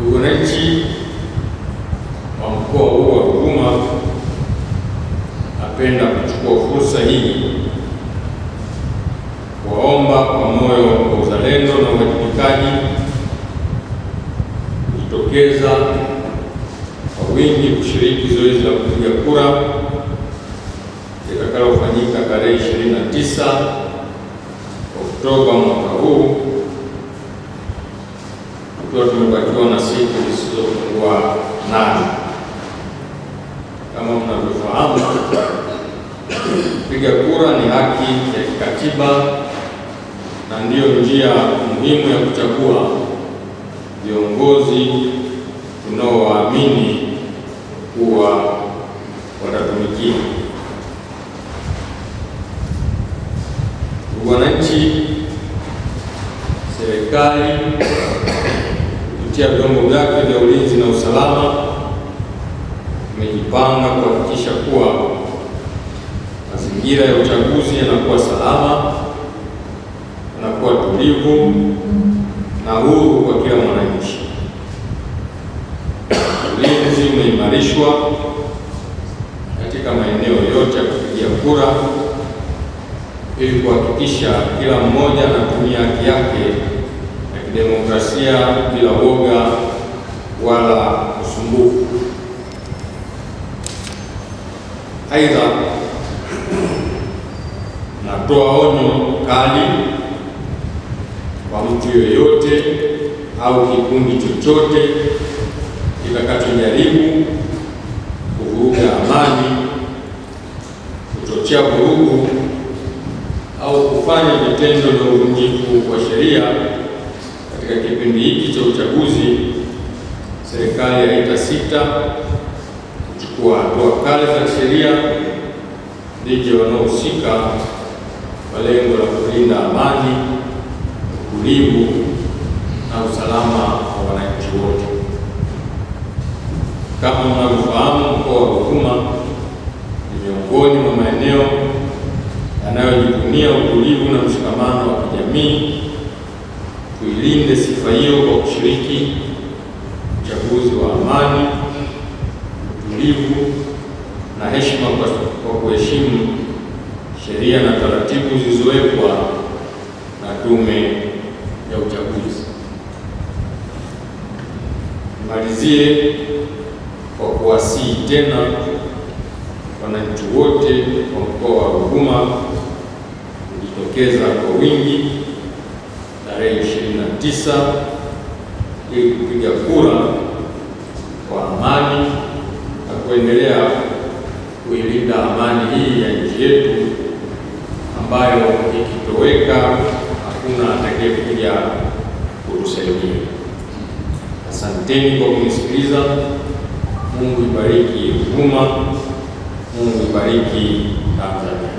Ndugu wananchi wa mkoa huu wa Ruvuma, napenda kuchukua fursa hii kuwaomba kwa moyo wa uzalendo na uwajibikaji kujitokeza kwa wingi kushiriki zoezi la kupiga kura litakalofanyika tarehe 29 Oktoba mwaka huu tukiwa tumebakiwa na siku zisizopungua nane. Kama mnavyofahamu, kupiga kura ni haki ya kikatiba na ndiyo njia muhimu ya kuchagua viongozi tunaowaamini kuwa watatumikia wananchi, serikali kupitia vyombo vyake vya ulinzi na usalama imejipanga kuhakikisha kuwa mazingira ya uchaguzi yanakuwa salama, yanakuwa tulivu na huru kwa kila mwananchi. Ulinzi umeimarishwa katika maeneo yote ya kupigia kura ili kuhakikisha kila mmoja anatumia haki yake demokrasia bila woga wala usumbufu. Aidha, natoa onyo kali kwa mtu yoyote au kikundi chochote kitakachojaribu kuvuruga amani, kuchochea vurugu au kufanya vitendo vya uvunjifu wa sheria katika kipindi hiki cha uchaguzi, serikali haitasita kuchukua hatua kali za sheria dhidi ya wanaohusika kwa lengo la kulinda amani, utulivu na usalama wa wananchi wote. Kama mnavyofahamu, mkoa wa Ruvuma ni miongoni mwa maeneo yanayojivunia utulivu na mshikamano wa kijamii ilinde sifa hiyo kwa kushiriki uchaguzi wa amani, utulivu na heshima kwa kuheshimu sheria na taratibu zilizowekwa na Tume ya Uchaguzi. Nimalizie kwa kuwasihi tena wananchi wote wa mkoa wa Ruvuma kujitokeza kwa wingi tisa ili kupiga kura kwa amani na kuendelea kuilinda amani hii ya nchi yetu ambayo ikitoweka hakuna atakayekuja kutusaidia. Asanteni kwa kunisikiliza. Mungu ibariki Ruvuma. Mungu ibariki Tanzania.